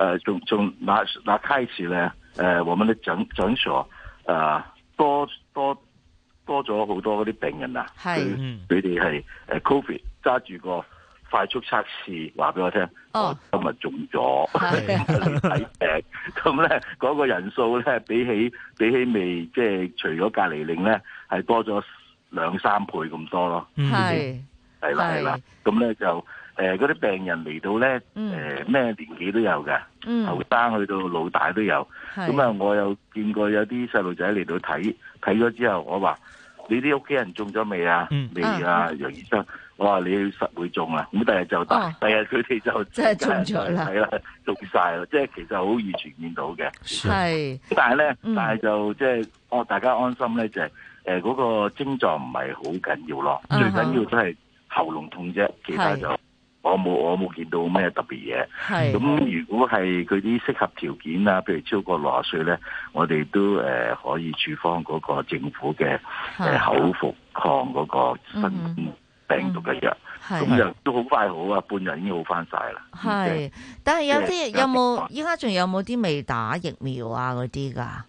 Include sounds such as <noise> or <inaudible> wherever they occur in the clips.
誒、呃，仲仲哪哪開始咧？誒、呃，我們的診診所，啊、呃，多多多咗好多嗰啲病人啊。係，佢哋係誒，Covid 揸住個快速測試，話俾我聽，哦、我今日中咗嚟睇病。咁咧，嗰、 <laughs> <laughs> 嗯，那個人數咧，比起比起未即係、就是、除咗隔離令咧，係多咗兩三倍咁多咯。係，係啦係啦，咁咧、嗯、就。誒、呃，嗰啲病人嚟到咧，誒、呃，咩年紀都有嘅，後生去到老大都有。咁、嗯、啊，我又見過有啲細路仔嚟到睇，睇咗之後，我話你啲屋企人中咗未、嗯、啊？未啊，楊醫生。嗯、我話你實實會中啊。咁、嗯、第日、啊、就，、啊、日就大就，第日佢哋就即係中咗啦，中晒即係其實好易傳染到嘅。係，但係咧、嗯，但係就即係大家安心咧，就係誒嗰個症狀唔係好緊要咯、嗯，最緊要都係喉嚨痛啫，其他就。我冇我冇見到咩特別嘢，咁如果係佢啲適合條件啊，譬如超過六十歲咧，我哋都誒可以處方嗰個政府嘅口服抗嗰個新冠病毒嘅藥，咁就都好快好啊，半日已經好翻晒啦。係、嗯，但係有啲有冇依家仲有冇啲未打疫苗啊嗰啲噶？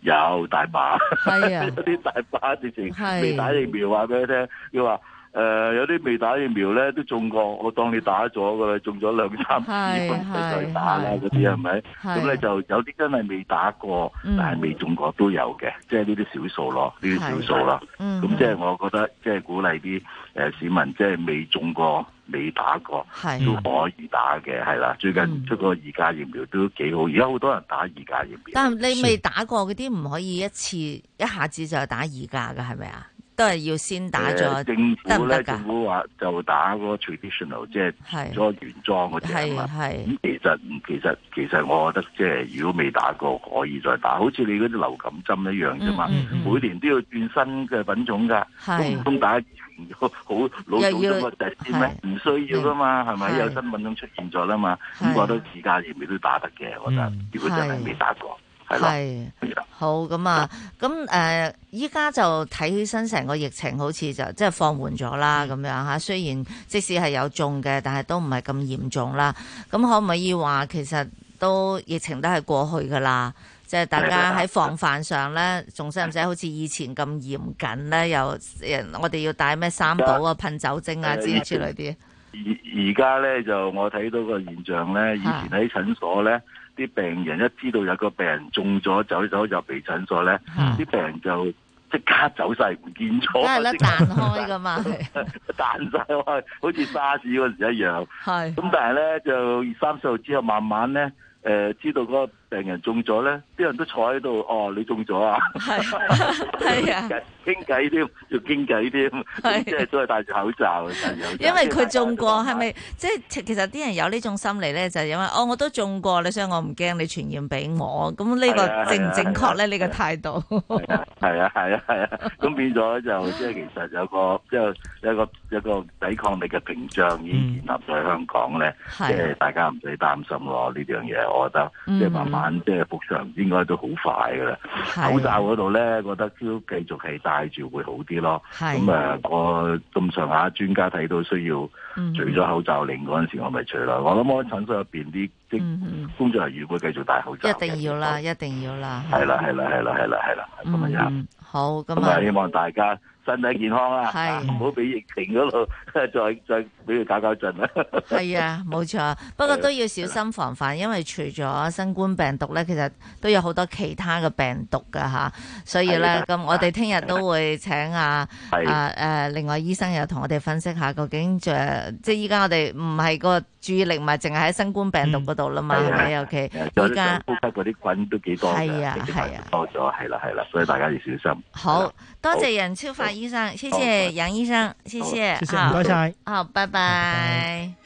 有大把，啲大把之前未打疫苗啊，俾佢聽佢話。有 <laughs> 誒、呃，有啲未打疫苗咧，都中過，我當你打咗噶啦，中咗兩三次，都繼續打啦，嗰啲係咪？咁咧就有啲真係未打過，嗯、但係未中過都有嘅，即係呢啲少數咯，呢啲少數囉。咁即係我覺得，即係鼓勵啲誒市民，即係未中過、未打過，係都可以打嘅，係啦。最近出個二價疫苗都幾好，而家好多人打二價疫苗。但係你未打過嗰啲，唔可以一次一下子就打二價噶，係咪啊？都係要先打咗、呃，政府咧政府話就打嗰個 traditional，即係咗原裝嗰啲嘛。咁其實其實其實我覺得即、就、係、係、如果未打過，可以再打。好似你嗰啲流感針一樣啫嘛、嗯嗯嗯，每年都要轉新嘅品種㗎。公唔打好，好老早咗就劑先咩？唔需要㗎嘛，係咪有新品種出現咗啦嘛？咁、嗯、我覺得自家疫苗都打得嘅，我覺得如果真係未打過。係，好咁啊，咁誒，依家、呃、就睇起身成個疫情好似就即係放緩咗啦，咁樣吓。雖然即使係有中嘅，但係都唔係咁嚴重啦。咁可唔可以話其實都疫情都係過去噶啦？即係大家喺防範上咧，仲使唔使好似以前咁嚴謹咧？又我哋要帶咩三寶啊、噴酒精啊之之類啲。而而家咧就我睇到個現象咧，以前喺診所咧。啲病人一知道有個病人中咗走咗入鼻診所咧，啲、嗯、病人就即刻走晒，唔見咗。因為咧彈開㗎嘛，彈晒喎，好似沙士嗰時一樣。咁 <laughs> 但係咧就二三十號之後慢慢咧，誒、呃、知道、個。病人中咗咧，啲人都坐喺度，哦，你中咗啊？係啊，傾偈添，要傾偈添，即係都係戴住口罩。因為佢中過，係咪即係其實啲人有呢種心理咧，就係因為哦，我都中過，所以我唔驚你傳染俾我。咁呢個正唔正確咧？呢個態度係啊係啊係啊，咁變咗就即係其實有個即係一個一個抵抗力嘅屏障已經建立咗喺香港咧，即係大家唔使擔心咯。呢樣嘢我覺得即係慢慢。即係復常應該都好快噶啦、啊，口罩嗰度咧，覺得都繼續係戴住會好啲咯。咁誒、啊嗯，我咁上下專家睇到需要除咗口罩令嗰陣時我了、嗯，我咪除啦。我諗我診所入邊啲即工作人員會繼續戴口罩，一定要啦，一定要啦。係啦係啦係啦係啦係啦，咁啊樣、啊啊啊啊啊啊嗯、好咁啊、嗯，希望大家。身體健康啦、啊，唔好俾疫情嗰度再再俾佢搞搞震啦。係啊，冇錯， <laughs> 不過都要小心防範，因為除咗新冠病毒咧，其實都有好多其他嘅病毒㗎吓，所以咧，咁我哋聽日都會請啊啊誒、呃，另外醫生又同我哋分析下，究竟即係即係依家我哋唔係個。注意力咪淨係喺新冠病毒嗰度啦嘛，喺屋企而家呼吸道嗰啲菌都幾、啊、多啊，啊，多咗係啦係啦，所以大家要小心。好、啊、好多謝楊超發醫生，謝謝楊醫生，謝謝，唔該曬，好，拜拜。拜拜。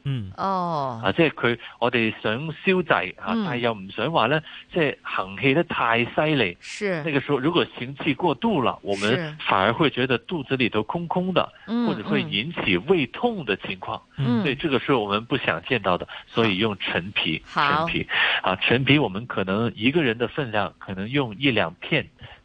<noise> 嗯，哦，啊，即係佢，我哋想消滯，啊，但係又唔想話咧，即係行氣得太犀利。是，那個時候如果行氣過度了，我們反而會覺得肚子裏頭空空的，或者會引起胃痛的情況。嗯，所以呢個是我們不想見到的，嗯、所以用陳皮。陳皮，啊，陳皮，我們可能一個人的分量可能用一兩片。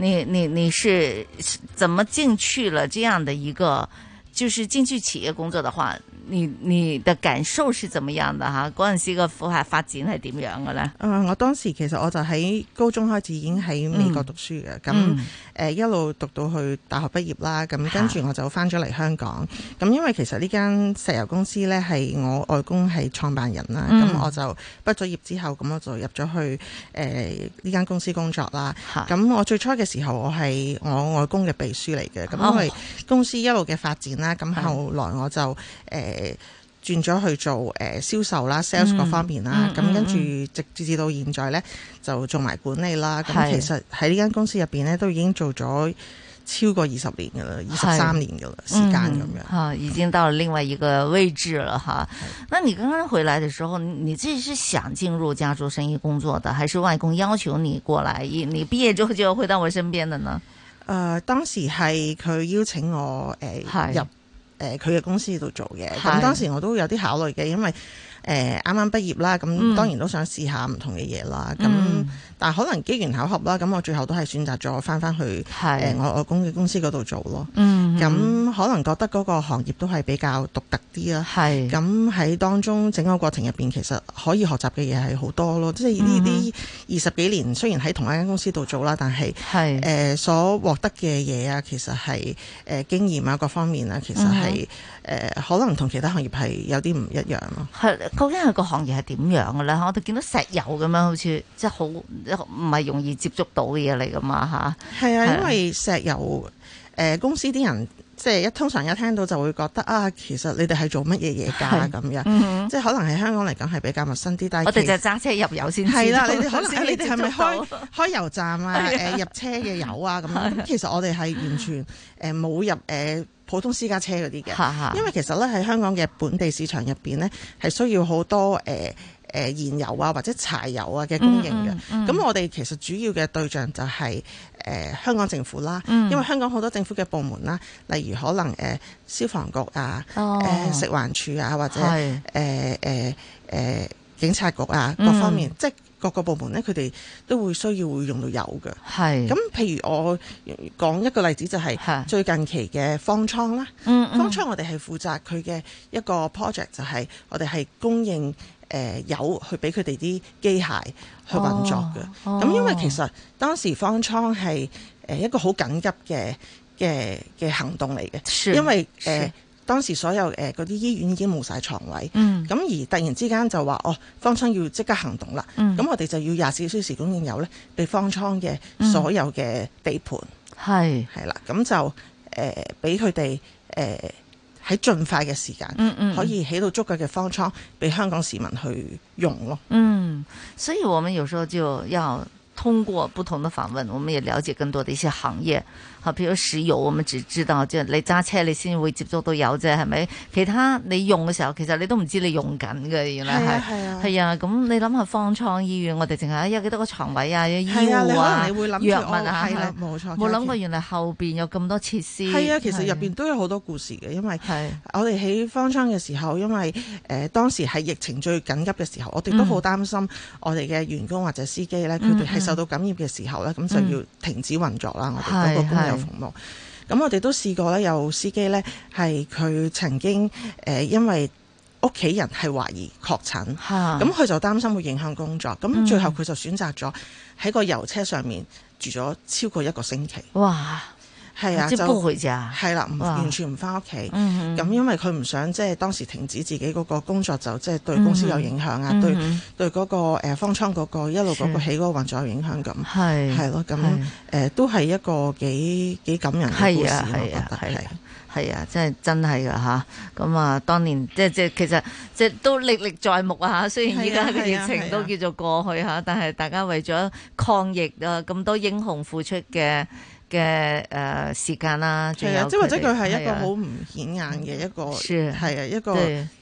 你你你是怎麼進去了這樣的一個，就是進去企業工作的話，你你的感受是怎麼樣的？吓，嗰陣時個福合發展係點樣嘅咧？嗯，我當時其實我就喺高中開始已經喺美國讀書嘅，咁。嗯嗯誒、呃、一路讀到去大學畢業啦，咁跟住我就翻咗嚟香港。咁因為其實呢間石油公司呢，係我外公係創辦人啦，咁、嗯、我就畢咗業之後，咁我就入咗去誒呢間公司工作啦。咁我最初嘅時候，我係我外公嘅秘書嚟嘅。咁因為公司一路嘅發展啦，咁後來我就誒。轉咗去做誒、呃、銷售啦，sales 各方面啦，咁、嗯嗯嗯、跟住直至到現在呢，就做埋管理啦。咁其實喺呢間公司入邊呢，都已經做咗超過二十年嘅啦，二十三年嘅啦時間咁樣、嗯。已經到另外一個位置了嚇。嗯、那你剛剛回來嘅時候，你自己是想進入家族生意工作的，還是外公要求你過來？你你畢業之後就要回到我身邊的呢？誒、呃，當時係佢邀請我誒、呃、入。誒佢嘅公司度做嘅，咁當時我都有啲考慮嘅，因為。誒啱啱畢業啦，咁當然都想試下唔同嘅嘢啦。咁、嗯、但可能機緣巧合啦，咁我最後都係選擇咗翻翻去誒我外公嘅公司嗰度做咯。咁可能覺得嗰個行業都係比較獨特啲啦。係。咁喺當中整個過程入邊，其實可以學習嘅嘢係好多咯。即係呢啲二十幾年雖然喺同一間公司度做啦，但係誒所獲得嘅嘢啊，其實係誒經驗啊各方面啊，其實係。誒、呃、可能同其他行業係有啲唔一樣咯，係究竟係個行業係點樣嘅咧？我哋見到石油咁樣，好似即係好唔係容易接觸到嘅嘢嚟㗎嘛吓，係啊，因為石油誒、呃、公司啲人即係一通常一聽到就會覺得啊，其實你哋係做乜嘢嘢㗎咁樣？即係可能係香港嚟講係比較陌生啲，但係我哋就揸車入油先。係啦，你哋可能你哋係咪開開油站啊？誒、 <laughs> 呃、入車嘅油啊咁樣。 <laughs> 咁其實我哋係完全誒冇、呃、入誒。呃普通私家車嗰啲嘅，因為其實咧喺香港嘅本地市場入面咧，係需要好多誒、呃呃、燃油啊或者柴油啊嘅供應嘅。咁、嗯嗯、我哋其實主要嘅對象就係、是呃、香港政府啦，因為香港好多政府嘅部門啦，例如可能、呃、消防局啊、呃、食環署啊或者、哦呃呃、警察局啊各方面，即、嗯各個部門咧，佢哋都會需要會用到油嘅。係咁，譬如我講一個例子，就係、是、最近期嘅方艙啦。嗯，方艙我哋係負責佢嘅一個 project，就係我哋係供應誒、呃、油去俾佢哋啲機械去運作嘅。咁、哦、因為其實當時方艙係誒一個好緊急嘅嘅嘅行動嚟嘅，因為誒。呃當時所有誒嗰啲醫院已經冇晒床位，咁、嗯、而突然之間就話哦，方艙要即刻行動啦，咁、嗯、我哋就要廿四小時供應有咧，俾方艙嘅所有嘅地盤，係係啦，咁就誒俾佢哋誒喺盡快嘅時間、嗯，可以起到足夠嘅方艙俾、嗯、香港市民去用咯。嗯，所以我們有時候就要通過不同的訪問，我們也了解更多的一些行業。譬如石油我咪只知道即係你揸車你先會接觸到油啫，係咪？其他你用嘅時候，其實你都唔知你用緊嘅，原來係係啊。係啊，咁、啊啊、你諗下方艙醫院，我哋淨係有幾多個床位啊、有醫護啊、係啊你你會諗藥物啊，係啦、啊，冇、啊、錯。冇諗過原嚟後邊有咁多設施。係啊，其實入邊都有好多故事嘅，因為我哋喺方艙嘅時候，因為誒、呃、當時係疫情最緊急嘅時候，我哋都好擔心我哋嘅員工或者司機咧，佢哋係受到感染嘅時候咧，咁、嗯、就要停止運作啦、嗯。我哋有服務，咁我哋都試過咧，有司機咧係佢曾經誒，因為屋企人係懷疑確診，咁佢就擔心會影響工作，咁、嗯、最後佢就選擇咗喺個油車上面住咗超過一個星期。哇。係啊，家係啦，完全唔翻屋企。咁因為佢唔想即係當時停止自己嗰個工作，就即係對公司有影響啊、嗯，對對嗰個方艙嗰、那個一路嗰個起嗰個運作有影響咁。係係咯，咁誒、啊啊啊、都係一個幾幾感人嘅故事。係啊係啊係啊，啊，啊，真係、啊、真係噶吓，咁啊，啊，當年即即其實即，即，即都歷歷在目啊。雖然依家嘅疫情都叫做過去啊，啊，但係大家為咗抗疫啊咁多英雄付出嘅。嘅誒時間啦，係啊，即或者佢係一個好唔顯眼嘅一個係啊，一個。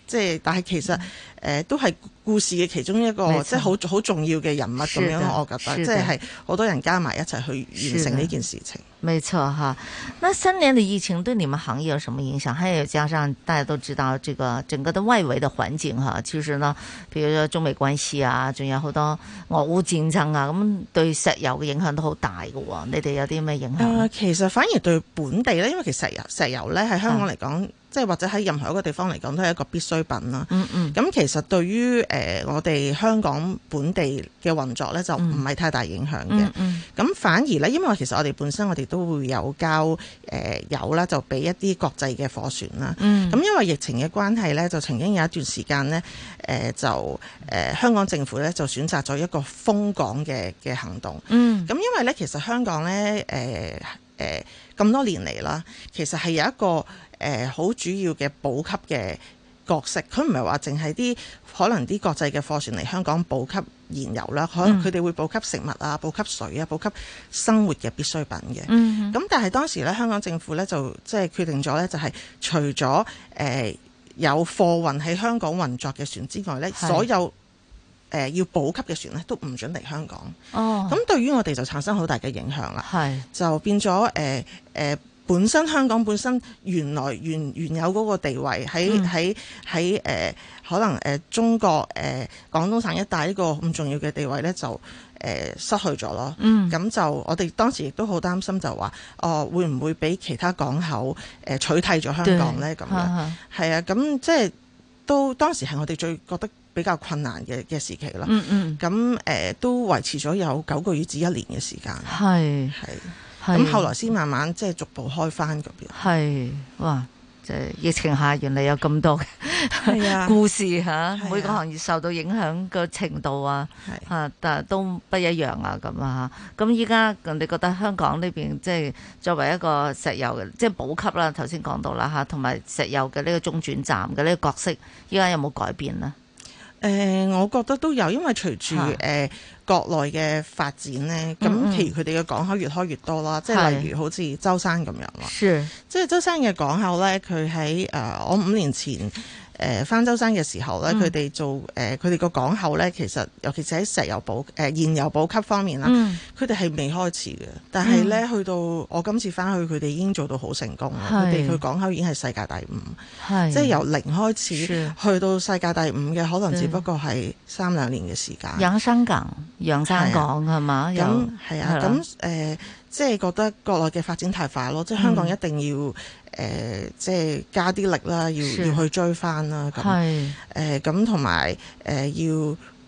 即係，但係其實誒、呃、都係故事嘅其中一個，即係好好重要嘅人物咁樣，我覺得的即係好多人加埋一齊去完成呢件事情。冇錯哈，那三年嘅疫情對你們行業有什麼影響？還有加上大家都知道，這個整個的外圍的環境哈，就算啦，譬如中美關係啊，仲有好多俄烏戰爭啊，咁對石油嘅影響都好大㗎喎。你哋有啲咩影響、呃？其實反而對本地呢，因為其實石油石油呢，喺香港嚟講。嗯即係或者喺任何一個地方嚟講，都係一個必需品啦。嗯嗯。咁其實對於誒、呃、我哋香港本地嘅運作咧，就唔係太大影響嘅。嗯。咁、嗯、反而咧，因為其實我哋本身我哋都會有交誒油啦，就俾一啲國際嘅貨船啦。咁、嗯、因為疫情嘅關係咧，就曾經有一段時間咧，誒、呃、就誒、呃、香港政府咧就選擇咗一個封港嘅嘅行動。嗯。咁因為咧，其實香港咧誒誒咁多年嚟啦，其實係有一個。誒、呃、好主要嘅補給嘅角色，佢唔係話淨係啲可能啲國際嘅貨船嚟香港補給燃油啦，可能佢哋會補給食物啊、嗯、補給水啊、補給生活嘅必需品嘅。咁、嗯嗯、但係當時咧，香港政府咧就即係決定咗咧，就係除咗誒有貨運喺香港運作嘅船之外咧，所有誒、呃、要補給嘅船咧都唔准嚟香港。哦，咁對於我哋就產生好大嘅影響啦。係，就變咗誒誒。呃呃本身香港本身原來原原有嗰個地位喺喺喺誒可能誒、呃、中國誒呃、廣東省一帶呢個咁重要嘅地位咧就誒、呃、失去咗咯，嗯，咁就我哋當時亦都好擔心就話哦、呃、會唔會俾其他港口誒、呃、取締咗香港咧咁樣，係啊，咁即係都當時係我哋最覺得比較困難嘅嘅時期啦。嗯嗯，咁誒、呃、都維持咗有九個月至一年嘅時間，係係。咁後來先慢慢即係逐步開翻嗰邊。係，哇！即係疫情下，原嚟有咁多嘅故事嚇、啊，每個行業受到影響嘅程度啊，嚇，但係都不一樣啊咁啊嚇。咁依家你覺得香港呢邊即係作為一個石油嘅，即係補給啦，頭先講到啦嚇，同埋石油嘅呢個中轉站嘅呢個角色，依家有冇改變咧？誒、呃，我覺得都有，因為隨住誒國內嘅發展咧，咁、嗯、其佢哋嘅港口越開越多啦、嗯，即係例如好似舟山咁樣啦，即係舟山嘅港口咧，佢喺誒我五年前。誒、呃、翻舟山嘅時候咧，佢哋做誒佢哋個港口咧，其實尤其是喺石油保誒、呃、燃油補給方面啦，佢哋係未開始嘅。但係咧、嗯，去到我今次翻去，佢哋已經做到好成功啦。佢哋個港口已經係世界第五，即係由零開始去到世界第五嘅，可能只不過係三兩年嘅時間。養生港，養生港係嘛？咁係啊，咁誒。即係覺得國內嘅發展太快咯，即係香港一定要誒、嗯呃，即係加啲力啦，要要去追翻啦。係誒，咁同埋誒，要、呃呃、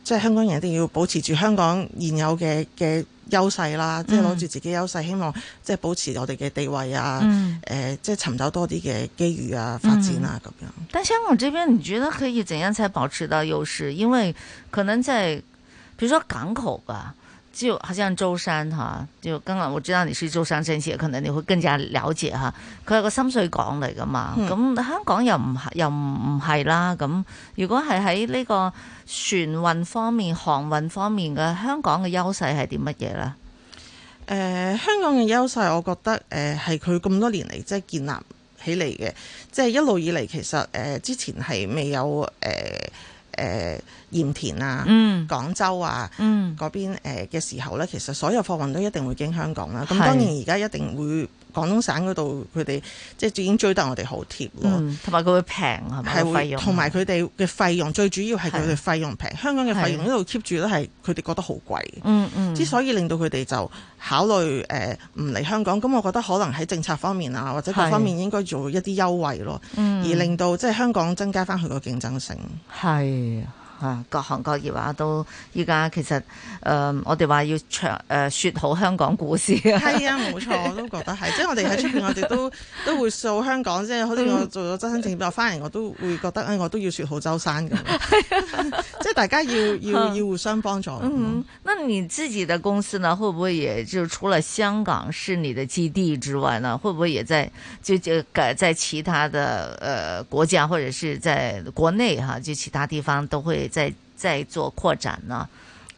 即係香港人一定要保持住香港現有嘅嘅優勢啦，即係攞住自己優勢，的優勢嗯、希望即係保持我哋嘅地位啊，誒、嗯呃，即係尋找多啲嘅機遇啊，發展啊咁、嗯、樣。但香港這邊，你覺得可以點樣才保持到優勢？因為可能在，譬如說港口吧。就好像舟山嚇，就今日我知道你是舟山人，而且可能你會更加了解嚇。佢係個深水港嚟噶嘛，咁、嗯、香港又唔又唔唔係啦。咁如果係喺呢個船運方面、航運方面嘅香港嘅優勢係點乜嘢咧？誒，香港嘅優勢，呃、的優勢我覺得誒係佢咁多年嚟即係建立起嚟嘅，即、就、係、是、一路以嚟其實誒、呃、之前係未有誒。呃誒、呃、鹽田啊，嗯、廣州啊嗰、嗯、邊誒嘅時候咧，其、呃、實所有貨運都一定會經香港啦。咁當然而家一定會。廣東省嗰度，佢哋即係已經追得我哋好貼咯，同埋佢會平，係咪？係，同埋佢哋嘅費用,是他們的費用最主要係佢哋費用平。香港嘅費用呢度 keep 住都係佢哋覺得好貴。嗯嗯，之所以令到佢哋就考慮誒唔嚟香港，咁我覺得可能喺政策方面啊，或者各方面應該做一啲優惠咯，而令到即係、就是、香港增加翻佢個競爭性係。各行各業啊，都依家其實誒、呃，我哋話要説誒説好香港故事啊，係啊，冇錯，我都覺得係， <laughs> 即係我哋喺出面我，我哋都都會説香港，即係好似我做咗舟山政協嘅翻嚟， <laughs> 我都會覺得誒，我都要説好舟山咁， <laughs> 即係大家要要， <laughs> 要互相幫助嗯。嗯，那你自己嘅公司呢，會唔會也就除了香港是你的基地之外呢，會唔會也在就就改在其他的誒、呃、國家或者是在國內哈、啊，就其他地方都會。在在做擴展啦、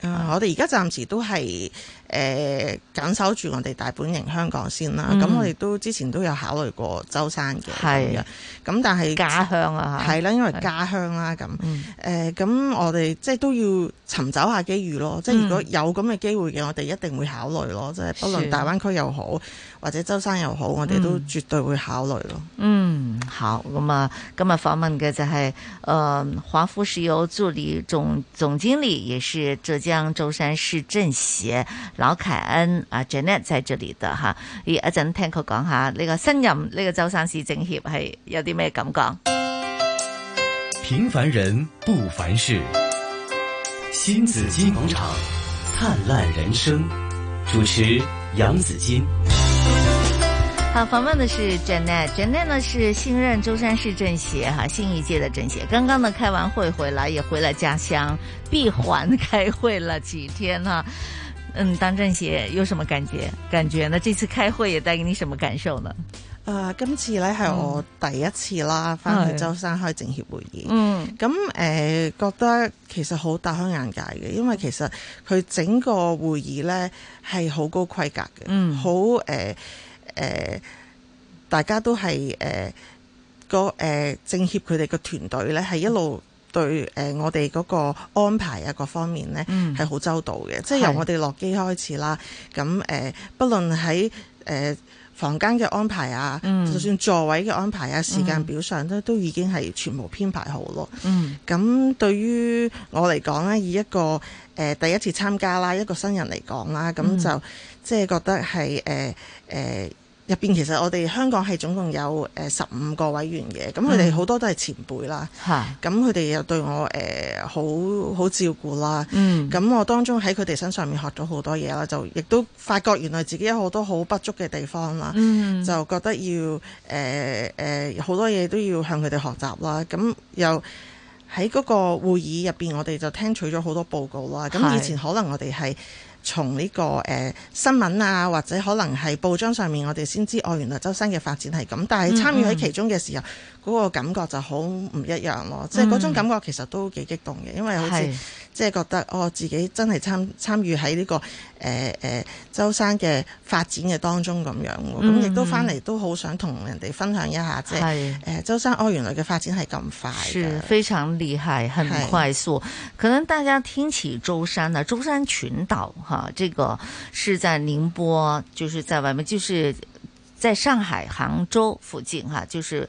呃。我哋而家暫時都係誒緊守住我哋大本營香港先啦。咁、嗯、我哋都之前都有考慮過舟山嘅，係咁，但係家鄉啊係啦，因為家鄉啦咁。誒、咁、嗯呃、我哋即係都要尋找下機遇咯。嗯、即係如果有咁嘅機會嘅，我哋一定會考慮咯。即係不論大灣區又好。或者舟山又好，我哋都絕對會考慮咯、嗯。嗯，好。咁啊，今日訪問嘅就係、是、誒、呃、華富石油助理總總經理，也是浙江舟山市政協勞凱恩啊 Janet 在這裏的哈。說一陣聽佢講下呢、這個新任呢、這個舟山市政協係有啲咩感覺？平凡人不凡事，新紫金廣場，燦爛人生，主持楊紫金。好，訪問的是 Janet，Janet 呢，是新任舟山市政協哈、啊，新一屆的政協，剛剛呢開完會回來，也回了家鄉閉環開會了幾天哈、啊，嗯，當政協有什麼感覺？感覺呢？這次開會也帶給你什麼感受呢？啊、呃，今次呢，係我第一次啦，翻，嗯、去舟山開政協會議，嗯，咁誒、呃、覺得其實好大開眼界嘅，因為其實佢整個會議呢，係好高規格嘅，嗯，好誒。呃誒、呃，大家都係誒、呃、個誒、呃、政協佢哋嘅團隊咧，係一路對誒、呃、我哋嗰個安排啊各方面咧係好周到嘅，即係由我哋落機開始啦。咁誒、呃，不論喺誒、呃、房間嘅安排啊、嗯，就算座位嘅安排啊、嗯，時間表上都都已經係全部編排好咯。咁、嗯、對於我嚟講咧，以一個誒、呃、第一次參加啦，一個新人嚟講啦，咁就、嗯、即係覺得係誒誒。呃呃入面其實我哋香港係總共有呃、十五個委員嘅，咁佢哋好多都係前輩啦，咁佢哋又對我、呃、好好照顧啦，咁、mm. 我當中喺佢哋身上面學咗好多嘢啦，就亦都發覺原來自己有好多好不足嘅地方啦，mm. 就覺得要呃呃、好多嘢都要向佢哋學習啦，咁又喺嗰個會議入面，我哋就聽取咗好多報告啦，咁以前可能我哋係。Mm. 從呢、這個誒、呃、新聞啊，或者可能係報章上面，我哋先知哦，原來周生嘅發展係咁。但係參與喺其中嘅時候，嗰、嗯嗯、個感覺就好唔一樣咯。即係嗰種感覺其實都幾激動嘅，因為好似。即係覺得哦，自己真係參參與喺呢個誒誒舟山嘅發展嘅當中咁樣，咁、嗯、亦、嗯、都翻嚟都好想同人哋分享一下，即係誒舟山哦，原來嘅發展係咁快的，是非常厲害、很快速。可能大家聽起舟山呢，舟山群島哈，這個是在寧波，就是在外面，就是在上海、杭州附近哈，就是。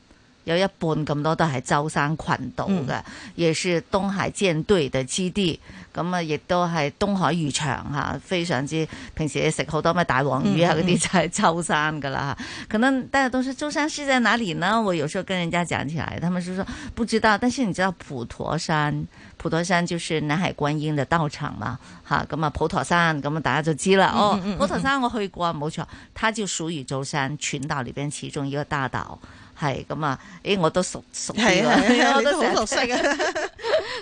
有一半咁多都係舟山群島嘅，也是東海艦隊嘅基地，咁啊，亦都係東海漁場嚇，非常之平時食好多咩大黃魚啊，嗰啲就係舟山噶啦。可能大家都知舟山是在哪裡呢？我有時候跟人家講起來，他們就說不知道，但是你知道普陀山，普陀山就是南海觀音的道場嘛嚇，咁啊普陀山咁啊大家就知啦、嗯、哦。普陀山我去過，冇、嗯、錯，它、嗯、就屬於舟山群島裏邊其中一個大島。係咁啊！誒，我都熟熟啲啦，我都好熟悉啊。 <laughs>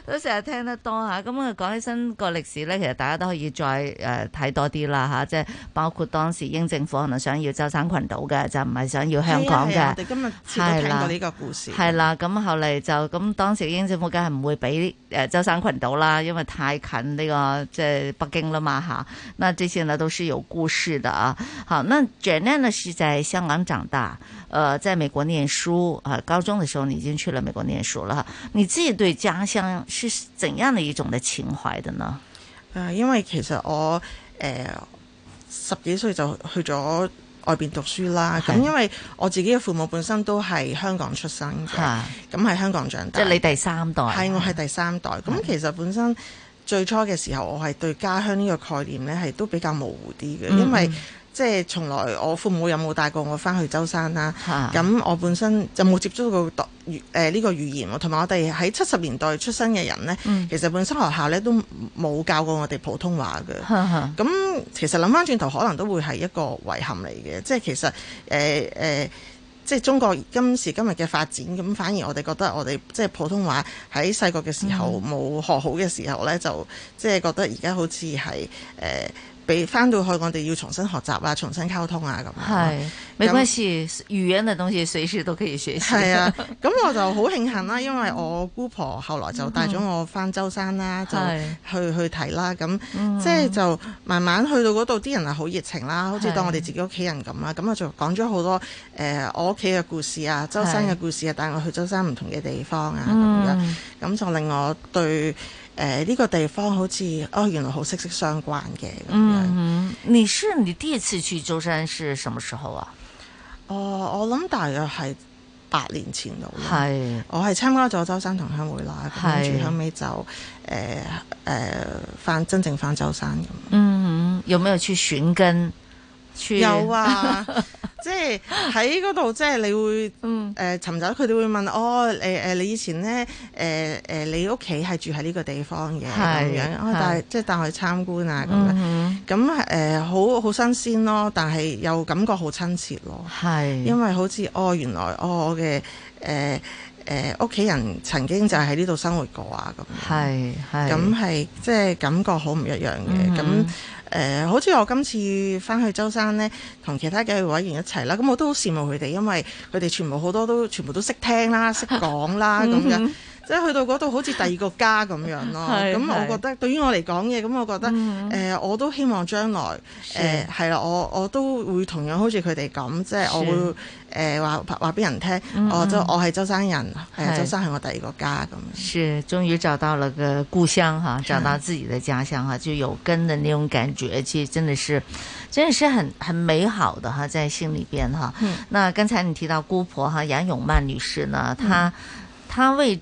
都成日聽得多嚇，咁 <laughs> 啊講起身個歷史咧，其實大家都可以再誒睇、呃、多啲啦嚇，即係包括當時英政府可能想要舟山群島嘅，就唔係想要香港嘅、啊啊。我哋今日先到聽過呢個故事。係啦，咁、嗯、後嚟就咁當時英政府梗係唔會俾誒舟山群島啦，因為太近呢、這個即係、就是、北京啦嘛嚇、啊。那這些呢都是有故事的啊。好，那 Janet 呢是在香港長大，即、呃、在、就是、美國念。書啊，高中的時候你已經去了美國念書啦。你自己對家鄉是怎樣的一種的情懷的呢？誒，因為其實我誒、呃、十幾歲就去咗外邊讀書啦。咁因為我自己嘅父母本身都係香港出生嘅，咁喺香港長大。即係你第三代？係，我係第三代。咁其實本身最初嘅時候，我係對家鄉呢個概念呢係都比較模糊啲嘅、嗯嗯，因為，即係從來我父母有冇帶過我翻去舟山啦，咁我本身就冇接觸過粵呢個語言，同、嗯、埋我哋喺七十年代出生嘅人咧、嗯，其實本身學校咧都冇教過我哋普通話嘅。咁其實諗翻轉頭，可能都會係一個遺憾嚟嘅。即係其實誒誒、呃呃，即係中國今時今日嘅發展，咁反而我哋覺得我哋即係普通話喺細個嘅時候冇、嗯、學好嘅時候咧，就即係覺得而家好似係誒。呃俾翻到去我哋要重新學習啊，重新溝通啊，咁啊，係，冇關係，語言嘅東西隨時都可以學習。係啊，咁 <laughs> 我就好慶幸啦，因為我姑婆後來就帶咗我翻舟山啦、嗯，就去去睇啦，咁、嗯、即係就慢慢去到嗰度，啲人啊好熱情啦，好似當我哋自己屋企人咁啦，咁、呃、我就講咗好多我屋企嘅故事啊，舟山嘅故事啊，帶我去舟山唔同嘅地方啊咁樣，咁就令我對。誒、呃、呢、這個地方好似哦，原來好息息相關嘅咁樣。Mm -hmm. 你是你第一次去舟山是什麼時候啊？哦、呃，我諗大約係八年前度。係， <laughs> 我係參加咗舟山同鄉會啦，跟 <laughs> 住後尾就誒誒翻真正翻舟山咁。嗯，mm -hmm. 有沒有去尋根？ <laughs> 有啊，即係喺嗰度，即、就、係、是、你會誒尋、呃、找佢哋會問、嗯、哦，誒、呃、誒，你以前咧，誒、呃、誒、呃，你屋企係住喺呢個地方嘅咁樣，但係即係帶我去參觀啊咁樣，咁誒好好新鮮咯，但係又感覺好親切咯，係，因為好似哦原來哦我嘅誒誒屋企人曾經就喺呢度生活過啊咁樣，係，咁係即係感覺好唔一樣嘅咁。嗯誒、呃，好似我今次翻去舟山咧，同其他嘅委員一齊啦，咁我都好羨慕佢哋，因為佢哋全部好多都，全部都識聽啦，識講啦，咁 <laughs> 樣的。 <laughs> 即係去到嗰度好似第二個家咁樣咯、哦，咁 <laughs> 我覺得對於我嚟講嘅，咁我覺得誒、呃、我都希望將來誒係啦，我我都會同樣好似佢哋咁，即係我會誒、呃、話話俾人聽，我周我係周生人，周生係我第二個家咁。是，終於找到了個故鄉哈，找到自己的家鄉哈，就有根的那種感覺，其實真的是，真的是很很美好的哈，在心裏邊哈、嗯。那剛才你提到姑婆哈楊永曼女士呢，嗯、她她為。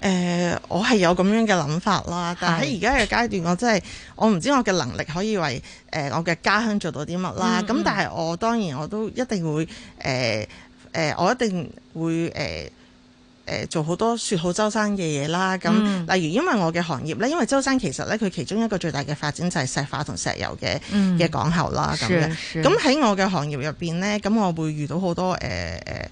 誒、呃，我係有咁樣嘅諗法啦，但喺而家嘅階段，我真係我唔知我嘅能力可以為誒、呃、我嘅家鄉做到啲乜啦。咁、嗯嗯、但係我當然我都一定會誒誒、呃呃，我一定會誒誒、呃呃、做好多説好舟山嘅嘢啦。咁、嗯、例如因為我嘅行業咧，因為舟山其實咧佢其中一個最大嘅發展就係石化同石油嘅嘅、嗯、港口啦。咁咁喺我嘅行業入邊咧，咁我會遇到好多誒誒。呃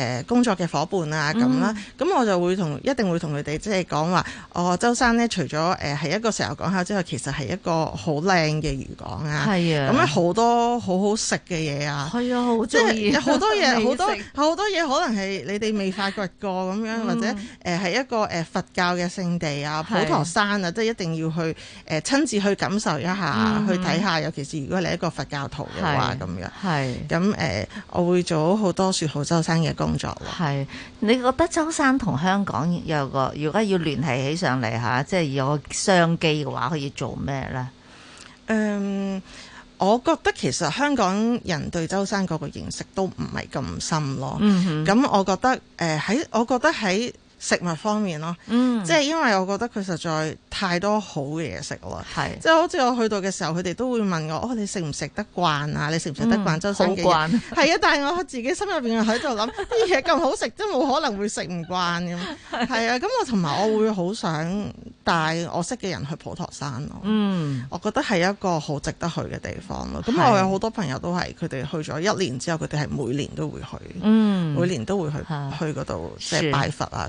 誒、呃、工作嘅伙伴啊，咁、嗯、啦，咁我就會同一定會同佢哋即係講話，哦，舟山咧除咗誒係一個石油港口之外，其實係一個好靚嘅漁港啊，係啊，咁樣很多很好多好好食嘅嘢啊，係啊，好即係好多嘢，好多好多嘢，可能係你哋未發掘過咁樣、嗯，或者誒係、呃、一個誒、呃、佛教嘅聖地啊，普陀山啊，即係、就是、一定要去誒、呃、親自去感受一下，嗯、去睇下，尤其是如果你係一個佛教徒嘅話，咁樣係，咁誒、呃嗯嗯呃，我會做好多説好舟山嘅工。工作係，你覺得舟山同香港有個如果要聯繫起上嚟吓。即係有商機嘅話，可以做咩呢？嗯，我覺得其實香港人對舟山嗰個認識都唔係咁深咯。咁、嗯、我覺得誒喺、呃，我覺得喺。食物方面咯、嗯，即係因為我覺得佢實在太多好嘅嘢食啦，即係好似我去到嘅時候，佢哋都會問我：哦，你食唔食得慣啊？你食唔食得慣、嗯、舟山嘅嘢？係啊，但係我自己心入邊喺度諗啲嘢咁好食，都冇可能會食唔慣嘅嘛。係啊，咁我同埋我會好想帶我識嘅人去普陀山咯。嗯，我覺得係一個好值得去嘅地方咯。咁我有好多朋友都係佢哋去咗一年之後，佢哋係每年都會去，嗯、每年都會去去嗰度即係拜佛啊。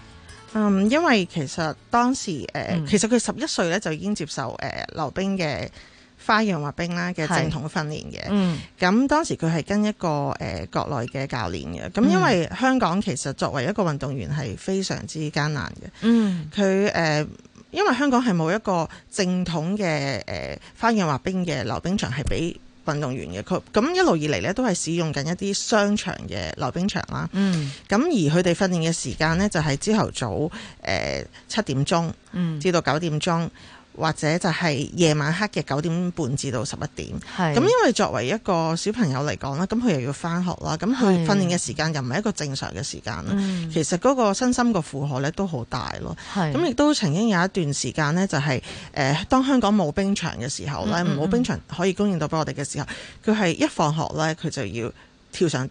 嗯，因為其實當時誒、呃嗯，其實佢十一歲咧就已經接受誒溜、呃、冰嘅花樣滑冰啦嘅正統嘅訓練嘅。嗯，咁當時佢係跟一個誒、呃、國內嘅教練嘅。咁因為香港其實作為一個運動員係非常之艱難嘅。嗯，佢誒、呃、因為香港係冇一個正統嘅誒、呃、花樣滑冰嘅溜冰場係俾，運動員嘅。佢咁一路以嚟咧，都係使用緊一啲商場嘅溜冰場啦。嗯，咁而佢哋訓練嘅時間咧，就係朝頭早誒七點鐘，嗯，至到九點鐘。或者就係夜晚黑嘅九點半至到十一點，咁因為作為一個小朋友嚟講啦，咁佢又要返學啦，咁佢訓練嘅時間又唔係一個正常嘅時間，其實嗰個身心個負荷咧都好大咯。咁亦都曾經有一段時間咧，就係、是、誒、呃、當香港冇冰場嘅時候咧，冇、嗯嗯嗯、冰場可以供應到俾我哋嘅時候，佢係一放學咧，佢就要跳上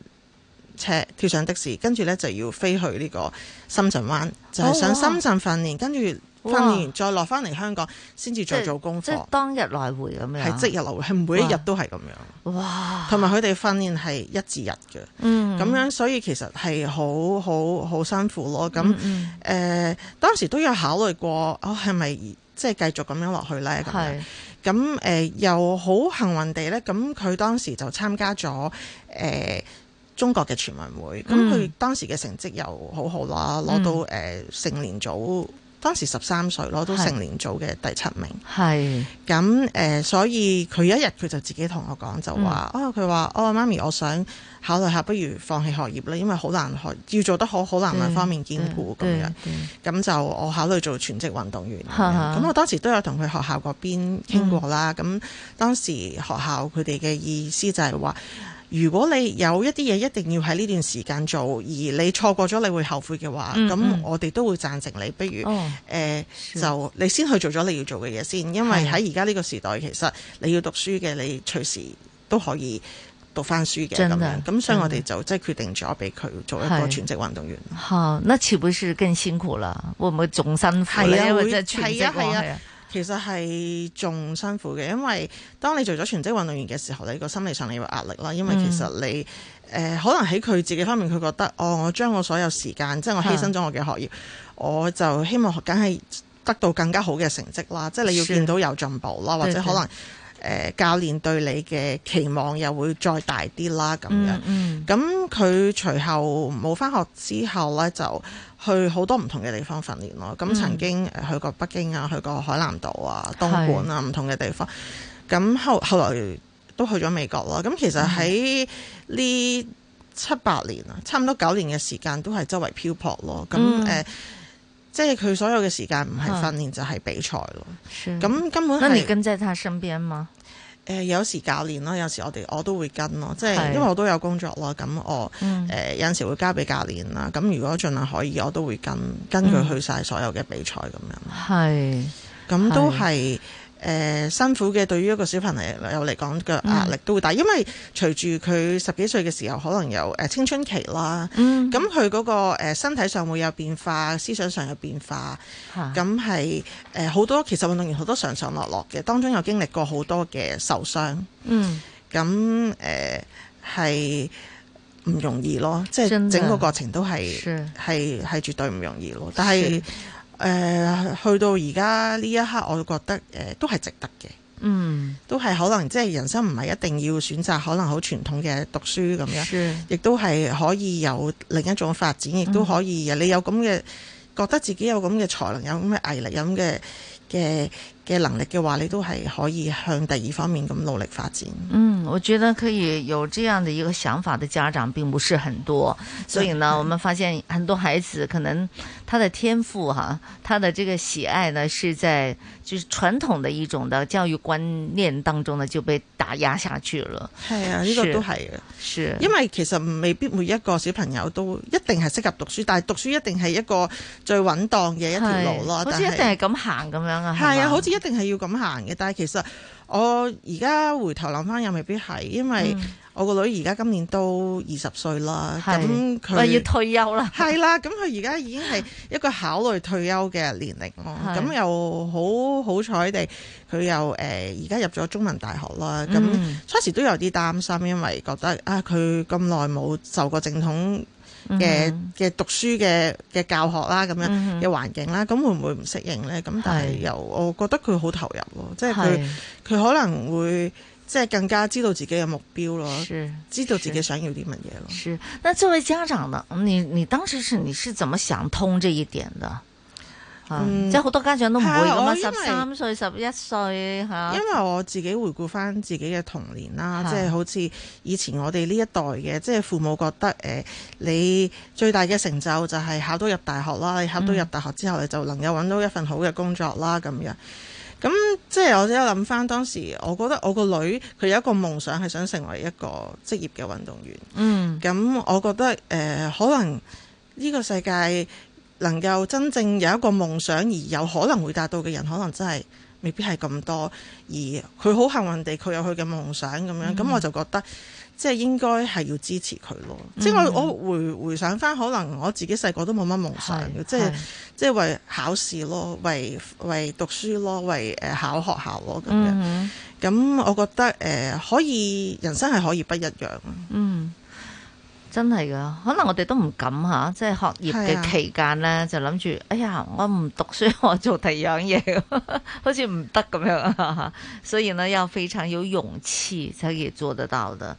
車跳上的士，跟住咧就要飛去呢個深圳灣，就係、是、上深圳訓練，跟、哦、住訓練完再落翻嚟香港，先至再做功課。即，即當日來回咁樣。係即日來回，係每一日都係咁樣。哇！同埋佢哋訓練係一至日嘅，咁、嗯、樣所以其實係好好好辛苦咯。咁誒、嗯嗯呃、當時都有考慮過，我係咪即係繼續咁樣落去咧？咁樣咁誒、呃、又好幸運地咧，咁佢當時就參加咗誒、呃中國嘅全運會，咁、嗯、佢當時嘅成績又好好啦，攞到誒、嗯呃、成年組，當時十三歲攞到成年組嘅第七名。係咁誒，所以佢一日佢就自己同我講，就話啊，佢、嗯、話，我阿媽咪，我想考慮下，不如放棄學業啦，因為好難學，要做得好好難兩方面兼顧咁、嗯、樣。咁、嗯嗯、就我考慮做全職運動員。咁、嗯嗯、我當時都有同佢學校嗰邊傾過啦。咁、嗯、當時學校佢哋嘅意思就係話。如果你有一啲嘢一定要喺呢段時間做，而你錯過咗，你會後悔嘅話，咁、嗯嗯、我哋都會贊成你。不如誒、哦呃，就你先去做咗你要做嘅嘢先，因為喺而家呢個時代，其實你要讀書嘅，你隨時都可以讀翻書嘅咁樣，咁所以我哋就即係決定咗俾佢做一個全職運動員，吓，那豈不是更辛苦啦？會唔會仲辛苦咧？或者全職啊？其實係仲辛苦嘅，因為當你做咗全職運動員嘅時候，你個心理上你有壓力啦。因為其實你、嗯呃、可能喺佢自己方面，佢覺得哦，我將我所有時間，即係我犧牲咗我嘅學業，我就希望梗係得到更加好嘅成績啦。即係你要見到有進步啦，或者可能。誒教練對你嘅期望又會再大啲啦，咁、嗯、樣。咁、嗯、佢隨後冇翻學之後咧，就去好多唔同嘅地方訓練咯。咁、嗯、曾經去過北京啊，去過海南島啊、東莞啊，唔同嘅地方。咁後後來都去咗美國咯。咁其實喺呢七八年啊，差唔多九年嘅時間都係周圍漂泊咯。咁、嗯、誒。即係佢所有嘅時間唔係訓練就係、是、比賽咯，咁根本係。跟，即係喺他身邊吖嘛？誒、呃，有時教練咯，有時我哋我都會跟咯，即係因為我都有工作咯，咁我誒、嗯呃、有陣時會交俾教練啦。咁如果盡量可以，我都會跟跟佢去晒所有嘅比賽咁樣。係、嗯，咁都係。誒、呃、辛苦嘅對於一個小朋友嚟講嘅壓力都會大，嗯、因為隨住佢十幾歲嘅時候，可能有誒青春期啦。咁佢嗰個、呃、身體上會有變化，思想上有變化。咁係誒好多其實運動員好多上上落落嘅，當中有經歷過好多嘅受傷。嗯，咁誒係唔容易咯，即係整個過程都係係係絕對唔容易咯。但係，是誒、呃、去到而家呢一刻，我覺得誒、呃、都係值得嘅，嗯，都係可能即係人生唔係一定要選擇可能好傳統嘅讀書咁樣，亦都係可以有另一種發展，亦都可以你有咁嘅、嗯、覺得自己有咁嘅才能，有咁嘅毅力，有嘅嘅嘅能力嘅話，你都係可以向第二方面咁努力發展。嗯，我覺得可以有這樣的一個想法的家長並不是很多，所以呢，以我們發現很多孩子可能他的天賦哈，他的這個喜愛呢，是在就是傳統的一種的教育觀念當中呢就被打壓下去了。係啊，呢個都係啊，是,是因為其實未必每一個小朋友都一定係適合讀書，但係讀書一定係一個最穩當嘅一條路咯。好似一定係咁行咁樣啊？係啊，好似一定係要咁行嘅，但係其實我而家回頭諗翻又未必係，因為我個女而家今年都二十歲啦，咁、嗯、佢要退休啦，係啦，咁佢而家已經係一個考慮退休嘅年齡咯，咁又好好彩地，佢又誒而家入咗中文大學啦，咁、嗯、初時都有啲擔心，因為覺得啊，佢咁耐冇受過正統。嘅嘅讀書嘅嘅教學啦，咁樣嘅環境啦，咁、嗯、會唔會唔適應咧？咁但係又我覺得佢好投入咯，即係佢佢可能會即係更加知道自己嘅目標咯，知道自己想要啲乜嘢咯。是。那作為家長呢？你你當時是你是怎麼想通這一點的？嗯、即係好多家長都唔會咁啊！十三歲、十一歲嚇，因為我自己回顧翻自己嘅童年啦，即係、就是、好似以前我哋呢一代嘅，即、就、係、是、父母覺得誒、呃，你最大嘅成就就係考到入大學啦，你考到入大學之後，嗯、你就能夠揾到一份好嘅工作啦咁樣。咁即係我一諗翻當時，我覺得我個女佢有一個夢想係想成為一個職業嘅運動員。嗯，咁我覺得誒、呃，可能呢個世界。能夠真正有一個夢想而有可能會達到嘅人，可能真係未必係咁多。而佢好幸運地，佢有佢嘅夢想咁樣，咁、嗯、我就覺得即係應該係要支持佢咯。嗯、即係我我回回想返，可能我自己細個都冇乜夢想嘅，即係即係為考試咯，為為讀書咯，為誒考學校咯咁樣。咁、嗯、我覺得誒、呃、可以，人生係可以不一樣啊。嗯真係噶，可能我哋都唔敢嚇，即係學業嘅期間咧、啊，就諗住，哎呀，我唔讀書，我做第二樣嘢，好似唔得咁樣呵呵。所以呢，要非常有勇氣才可以做得到的。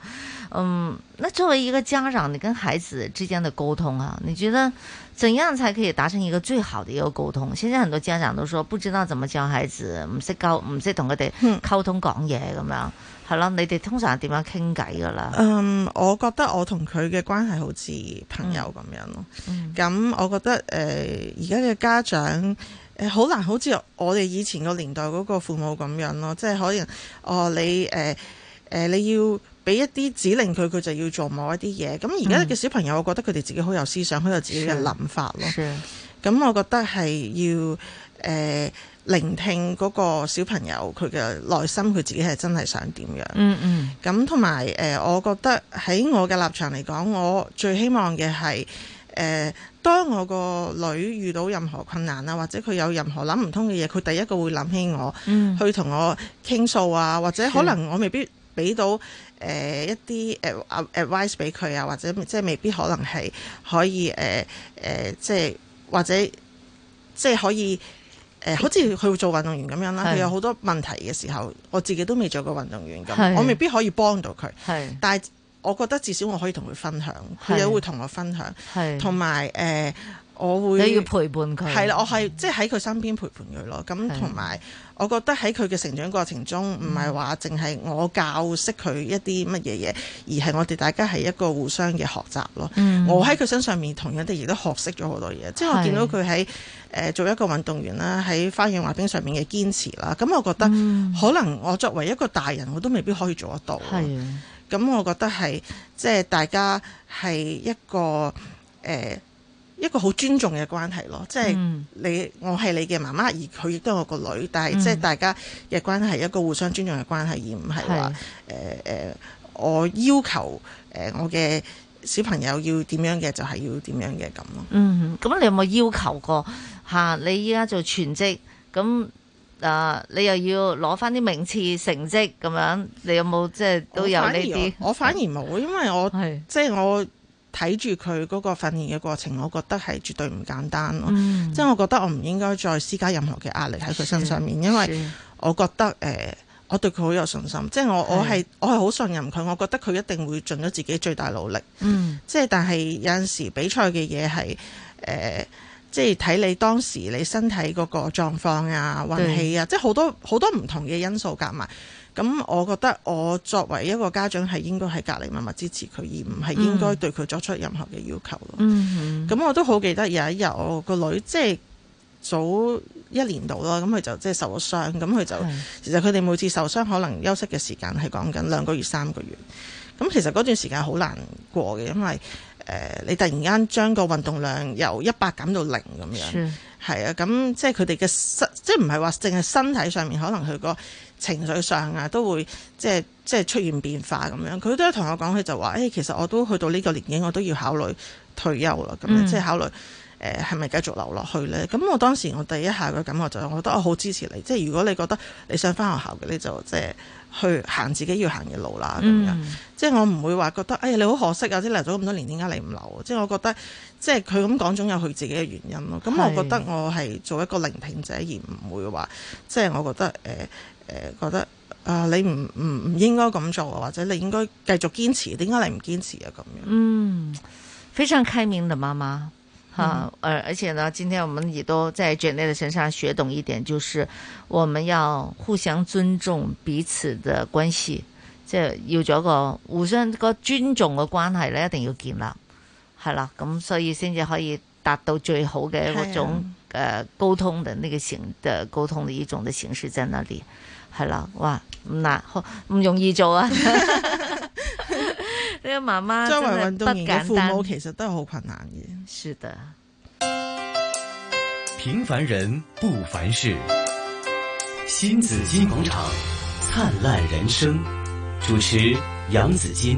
嗯，那作為一個家長，你跟孩子之間嘅溝通啊，你覺得怎樣才可以達成一個最好的一個溝通？現在很多家長都說，不知道怎麼教孩子，唔識教，唔識同佢哋溝通講嘢咁樣。係咯，你哋通常係點樣傾偈噶啦？嗯，我覺得我同佢嘅關係好似朋友咁樣咯。咁我覺得誒，而家嘅家長誒好難，好似我哋以前個年代嗰個父母咁樣咯。即係可能哦，你誒誒，你要俾一啲指令佢，佢就要做某一啲嘢。咁而家嘅小朋友，我覺得佢哋自己好有思想，好有自己嘅諗法咯。咁我覺得係要誒。呃聆聽嗰個小朋友佢嘅內心，佢自己係真係想點樣？嗯嗯。咁同埋誒，我覺得喺我嘅立場嚟講，我最希望嘅係誒，當我個女遇到任何困難啦，或者佢有任何諗唔通嘅嘢，佢第一個會諗起我，嗯、去同我傾訴啊，或者可能我未必俾到誒、呃、一啲誒 advice 俾佢啊，或者即係未必可能係可以誒誒，即係或者即係可以。呃呃誒、呃，好似佢會做運動員咁樣啦，佢有好多問題嘅時候，我自己都未做過運動員咁，我未必可以幫到佢。係，但係我覺得至少我可以同佢分享，佢也會同我分享。係，同埋誒。呃我會你要陪伴佢，係啦，我係即係喺佢身邊陪伴佢咯。咁同埋我覺得喺佢嘅成長過程中，唔係話淨係我教識佢一啲乜嘢嘢，而係我哋大家係一個互相嘅學習咯、嗯。我喺佢身上面同樣地亦都學識咗好多嘢。即係我見到佢喺誒做一個運動員啦，喺花樣滑冰上面嘅堅持啦。咁我覺得可能我作為一個大人，我都未必可以做得到。係。咁我覺得係即係大家係一個誒。呃一個好尊重嘅關係咯，即係你我係你嘅媽媽，而佢亦都係我個女，但係即係大家嘅關係、嗯、一個互相尊重嘅關係，而唔係話誒誒我要求誒、呃、我嘅小朋友要點樣嘅就係要點樣嘅咁咯。嗯，咁你有冇要求過嚇、啊？你依家做全職，咁啊你又要攞翻啲名次成績咁樣？你有冇即係都有呢啲？我反而冇，因為我即係我。睇住佢嗰個訓練嘅過程，我覺得係絕對唔簡單咯、嗯。即係我覺得我唔應該再施加任何嘅壓力喺佢身上面，因為我覺得誒、呃，我對佢好有信心。即係我我係我係好信任佢，我覺得佢一定會盡咗自己最大努力。嗯、即係但係有陣時比賽嘅嘢係誒，即係睇你當時你身體嗰個狀況啊、運氣啊，即係好多好多唔同嘅因素夾埋。咁我覺得我作為一個家長係應該喺隔離默默支持佢，而唔係應該對佢作出任何嘅要求咯。咁、mm -hmm. 我都好記得有一日我個女即係早一年度啦，咁佢就即係受咗傷，咁佢就其實佢哋每次受傷可能休息嘅時間係講緊兩個月、三個月。咁其實嗰段時間好難過嘅，因為、呃、你突然間將個運動量由一百減到零咁樣，係啊，咁即係佢哋嘅身，即係唔係話淨係身體上面可能佢個。情緒上啊，都會即係即係出現變化咁樣。佢都同我講，佢就話：誒，其實我都去到呢個年紀，我都要考慮退休啦。咁樣、mm. 即係考慮誒，係、呃、咪繼續留落去咧？咁我當時我第一下嘅感覺就係、是，我覺得我好支持你。即係如果你覺得你想返學校嘅，你就即係去行自己要行嘅路啦。咁樣、mm. 即係我唔會話覺得誒、哎、你好可惜啊！即係嚟咗咁多年，點解你唔留？即係我覺得即係佢咁講，總有佢自己嘅原因咯。咁我覺得我係做一個聆聽者，而唔會話即係我覺得誒。呃誒，覺得啊，你唔唔唔應該咁做啊，或者你應該繼續堅持？點解你唔堅持啊？咁樣嗯，非常開明的媽媽吓，而、啊嗯、而且呢，今天我們亦都在凱恩的身上學懂一點，就是我們要互相尊重彼此的關係，即係要做一個互相個尊重嘅關係咧，一定要建立係啦。咁所以先至可以達到最好嘅一種誒溝、呃、通嘅呢個形嘅溝通嘅一種嘅形式，在那裏。係啦，哇，唔難，好唔容易做啊！呢 <laughs> <laughs> 個媽媽即係不簡單，玩玩父母其實都係好困難嘅。是的。平凡人不凡事，新紫金廣場，燦爛人生，主持楊紫金。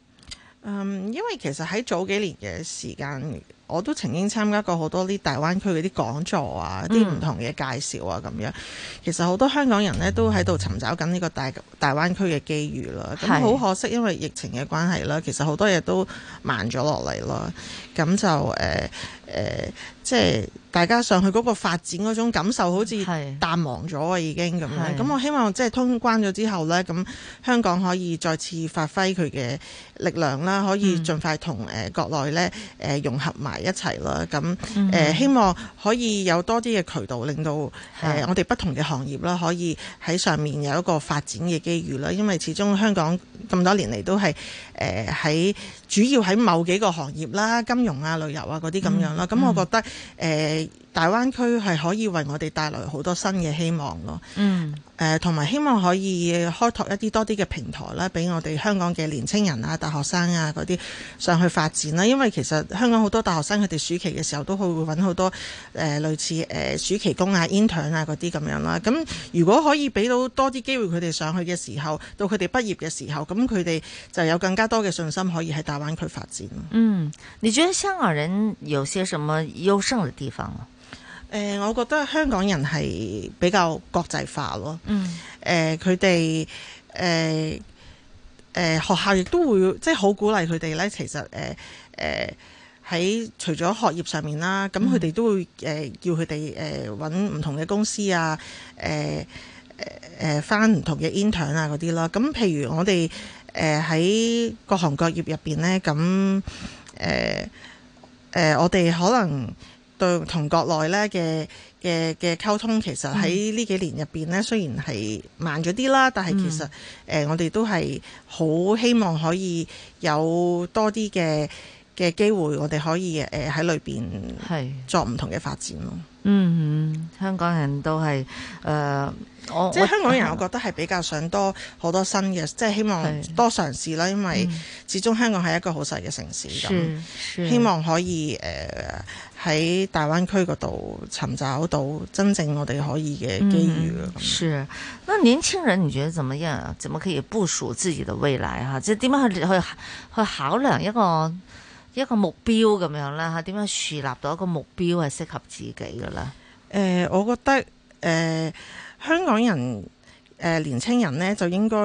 嗯，因為其實喺早幾年嘅時間，我都曾經參加過好多啲大灣區嗰啲講座啊，啲、嗯、唔同嘅介紹啊咁樣。其實好多香港人咧都喺度尋找緊呢個大大灣區嘅機遇啦。咁好可惜，因為疫情嘅關係啦，其實好多嘢都慢咗落嚟咯。咁就誒。呃誒、呃、即係大家上去嗰個發展嗰種感受，好似淡忘咗啊，已經咁樣。咁我希望即係通關咗之後咧，咁香港可以再次發揮佢嘅力量啦，可以盡快同誒、嗯呃、國內咧誒融合埋一齊啦。咁誒、呃、希望可以有多啲嘅渠道，令到誒、呃、我哋不同嘅行業啦，可以喺上面有一個發展嘅機遇啦。因為始終香港咁多年嚟都係誒喺主要喺某幾個行業啦，金融啊、旅遊啊啲咁樣。嗯啊，咁我覺得，誒、嗯欸。大灣區係可以為我哋帶來好多新嘅希望咯。嗯，誒同埋希望可以開拓一啲多啲嘅平台啦，俾我哋香港嘅年青人啊、大學生啊嗰啲上去發展啦。因為其實香港好多大學生佢哋暑期嘅時候都會揾好多誒、呃、類似誒、呃、暑期工啊、intern 啊嗰啲咁樣啦。咁如果可以俾到多啲機會佢哋上去嘅時候，到佢哋畢業嘅時候，咁佢哋就有更加多嘅信心可以喺大灣區發展。嗯，你覺得香港人有些什麼優勝嘅地方啊？誒、呃，我覺得香港人係比較國際化咯。嗯。誒佢哋誒誒學校亦都會即係好鼓勵佢哋咧。其實誒誒喺除咗學業上面啦，咁佢哋都會誒、呃、叫佢哋誒揾唔同嘅公司啊，誒誒誒返唔同嘅 intern 啊嗰啲啦。咁譬如我哋誒喺各行各業入邊咧，咁誒誒我哋可能。對，同國內咧嘅嘅嘅溝通，其實喺呢幾年入邊咧，雖然係慢咗啲啦，但係其實誒、嗯呃，我哋都係好希望可以有多啲嘅嘅機會，我哋可以誒喺裏邊係作唔同嘅發展咯。嗯嗯，香港人都係誒、呃，我即係香港人，我覺得係比較想多好多新嘅，即係希望多嘗試啦。因為始終香港係一個好細嘅城市，咁希望可以誒。呃喺大灣區嗰度尋找到真正我哋可以嘅機遇咯、嗯。是，那年輕人，你覺得點樣？怎麼可以部署自己的未來啊？即係點樣去去去考量一個一個目標咁樣啦？嚇，點樣樹立到一個目標係適合自己嘅啦？誒、呃，我覺得誒、呃，香港人誒、呃、年輕人呢，就應該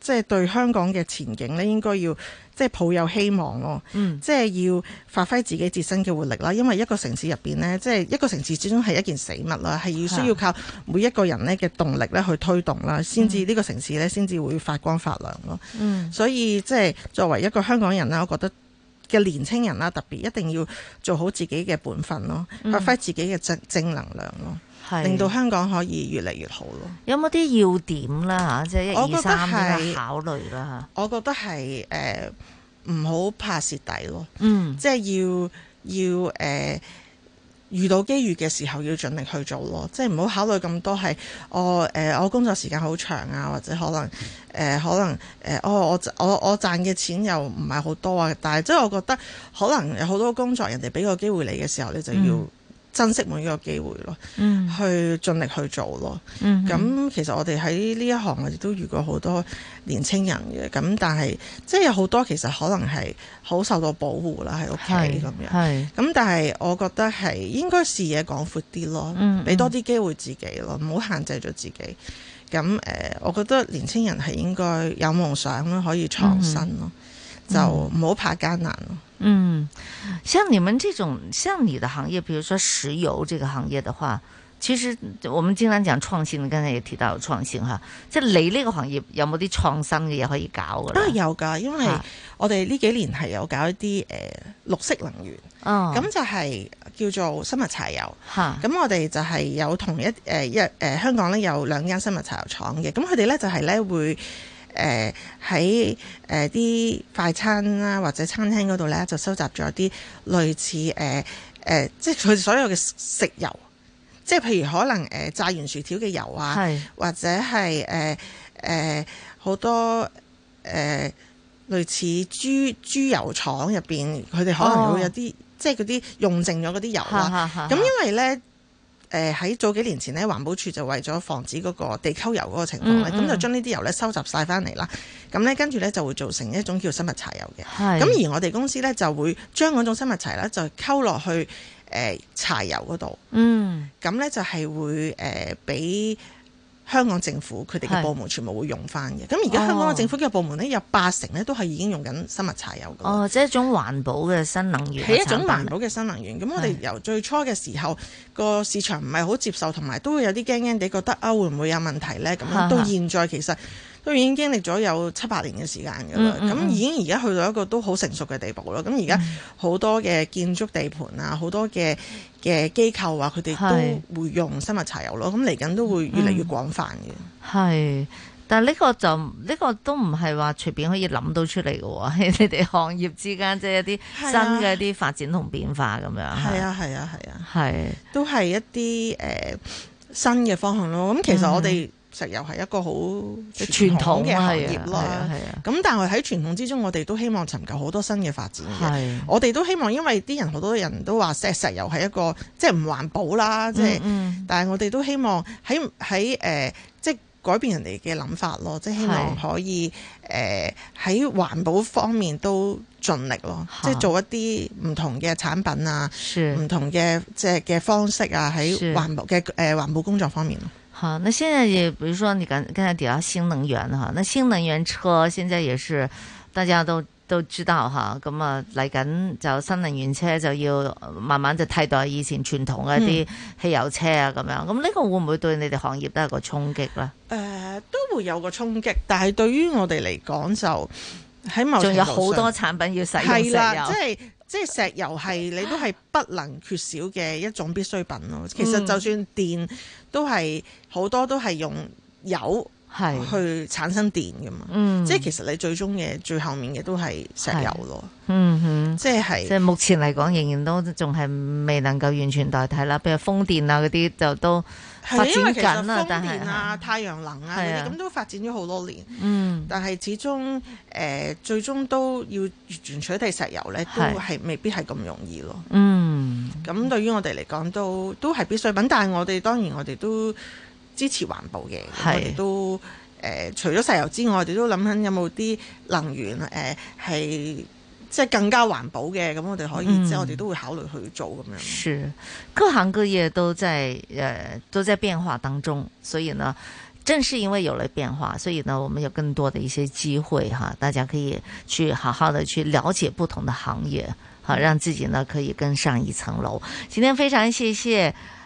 即係、就是、對香港嘅前景呢，應該要。即係抱有希望咯，即係要發揮自己自身嘅活力啦。因為一個城市入邊咧，即係一個城市始終係一件死物啦，係要需要靠每一個人咧嘅動力咧去推動啦，先至呢個城市咧先至會發光發亮咯。所以即係作為一個香港人啦，我覺得嘅年青人啦，特別一定要做好自己嘅本分咯，發揮自己嘅正正能量咯。令到香港可以越嚟越好咯。有冇啲要點啦吓？即係一、二、三咁樣考慮啦。我覺得係誒，唔、呃、好怕蝕底咯。嗯，即係要要誒、呃，遇到機遇嘅時候要盡力去做咯。即係唔好考慮咁多是，係我誒，我工作時間好長啊，或者可能誒、呃，可能誒、呃，我我我我賺嘅錢又唔係好多啊。但係即係我覺得可能有好多工作，人哋俾個機會你嘅時候，你就要。嗯珍惜每一個機會咯、嗯，去盡力去做咯。咁、嗯、其實我哋喺呢一行，我哋都遇過好多年青人嘅。咁但係即係有好多其實可能係好受到保護啦，喺屋企咁樣。咁但係我覺得係應該視野廣闊啲咯，俾、嗯嗯、多啲機會自己咯，唔好限制咗自己。咁誒，我覺得年青人係應該有夢想咯，可以創新咯，就唔好怕艱難咯。嗯，像你們這種，像你的行業，比如說石油這個行業的話，其實我們經常講創新，剛才也提到創新吓，即、啊、係、就是、你呢個行業有冇啲創新嘅嘢可以搞噶？都有噶，因為我哋呢幾年係有搞一啲誒綠色能源，哦、啊，咁就係叫做生物柴油，吓、啊，咁我哋就係有同一誒一誒香港咧有兩間生物柴油廠嘅，咁佢哋咧就係咧會。誒喺誒啲快餐啦或者餐廳嗰度咧就收集咗啲類似誒、呃呃、即係佢所有嘅食油，即係譬如可能誒、呃、炸完薯條嘅油啊，或者係誒好多誒、呃、類似豬、豬油廠入面，佢哋可能會有啲、哦、即係嗰啲用剩咗嗰啲油啦、啊，咁因為咧。誒、呃、喺早幾年前咧，環保署就為咗防止嗰個地溝油嗰個情況咧，咁、嗯嗯、就將呢啲油咧收集晒翻嚟啦。咁咧跟住咧就會做成一種叫生物柴油嘅。咁而我哋公司咧就會將嗰種生物柴油咧就溝落去誒、呃、柴油嗰度。嗯，咁咧就係會誒俾。呃香港政府佢哋嘅部門全部會用返嘅，咁而家香港嘅政府嘅部門咧、哦、有八成咧都係已經用緊生物柴油㗎。哦，即係一種環保嘅新，新能源。係一種環保嘅新能源。咁我哋由最初嘅時候，個市場唔係好接受，同埋都會有啲驚驚地覺得啊會唔會有問題咧？咁到現在其實，都已經經歷咗有七八年嘅時間噶啦，咁、嗯嗯、已經而家去到一個都好成熟嘅地步咯。咁而家好多嘅建築地盤啊，好、嗯、多嘅嘅機構啊，佢、嗯、哋都會用生物柴油咯。咁嚟緊都會越嚟越廣泛嘅。係、嗯，但係呢個就呢、這個都唔係話隨便可以諗到出嚟嘅喎。 <laughs> 你哋行業之間即係一啲新嘅一啲、啊、發展同變化咁樣。係啊，係啊，係啊，係、啊、都係一啲誒、呃、新嘅方向咯。咁其實我哋、嗯。石油係一個好傳統嘅行業啦，咁、啊啊啊啊、但係喺傳統之中，我哋都希望尋求好多新嘅發展嘅、啊。我哋都希望，因為啲人好多人都話，石油係一個即係唔環保啦，即係、嗯嗯。但係我哋都希望喺喺誒，即係改變人哋嘅諗法咯，即係希望可以誒喺、啊呃、環保方面都盡力咯，即係做一啲唔同嘅產品啊，唔同嘅即係嘅方式在啊，喺環保嘅誒環保工作方面。好、啊，那現在，比如說你看，剛才底下新能源哈，那新能源車現在也是，大家都都知道哈，咁啊，嚟緊就新能源車就要慢慢就替代以前傳統嘅一啲汽油車啊咁、嗯、樣，咁呢個會唔會對你哋行業都係個衝擊咧？誒、呃，都會有個衝擊，但係對於我哋嚟講就喺某，仲有好多產品要洗啦，即係即係石油係你都係不能缺少嘅一種必需品咯。其實就算電，嗯嗯都係好多都係用油去產生電噶嘛、嗯，即係其實你最終嘅最後面嘅都係石油咯、就是。嗯哼、嗯，即係即係目前嚟講仍然都仲係未能夠完全代替啦，譬如風電啊嗰啲就都。係，因為其實風電啊、太陽能啊嗰啲，咁都發展咗好多年。嗯，但係始終誒、呃，最終都要完全取締石油咧，都係未必係咁容易咯。嗯，咁對於我哋嚟講都都係必需品，但係我哋當然我哋都支持環保嘅，我哋都誒、呃，除咗石油之外，我哋都諗緊有冇啲能源誒係。呃是即係更加環保嘅，咁我哋可以，即、嗯、係我哋都會考慮去做咁樣。是，各行各業都在誒、呃、都在變化當中，所以呢，正是因為有了變化，所以呢，我們有更多的一些機會哈，大家可以去好好的去了解不同的行業，好，讓自己呢可以更上一層樓。今天非常謝謝。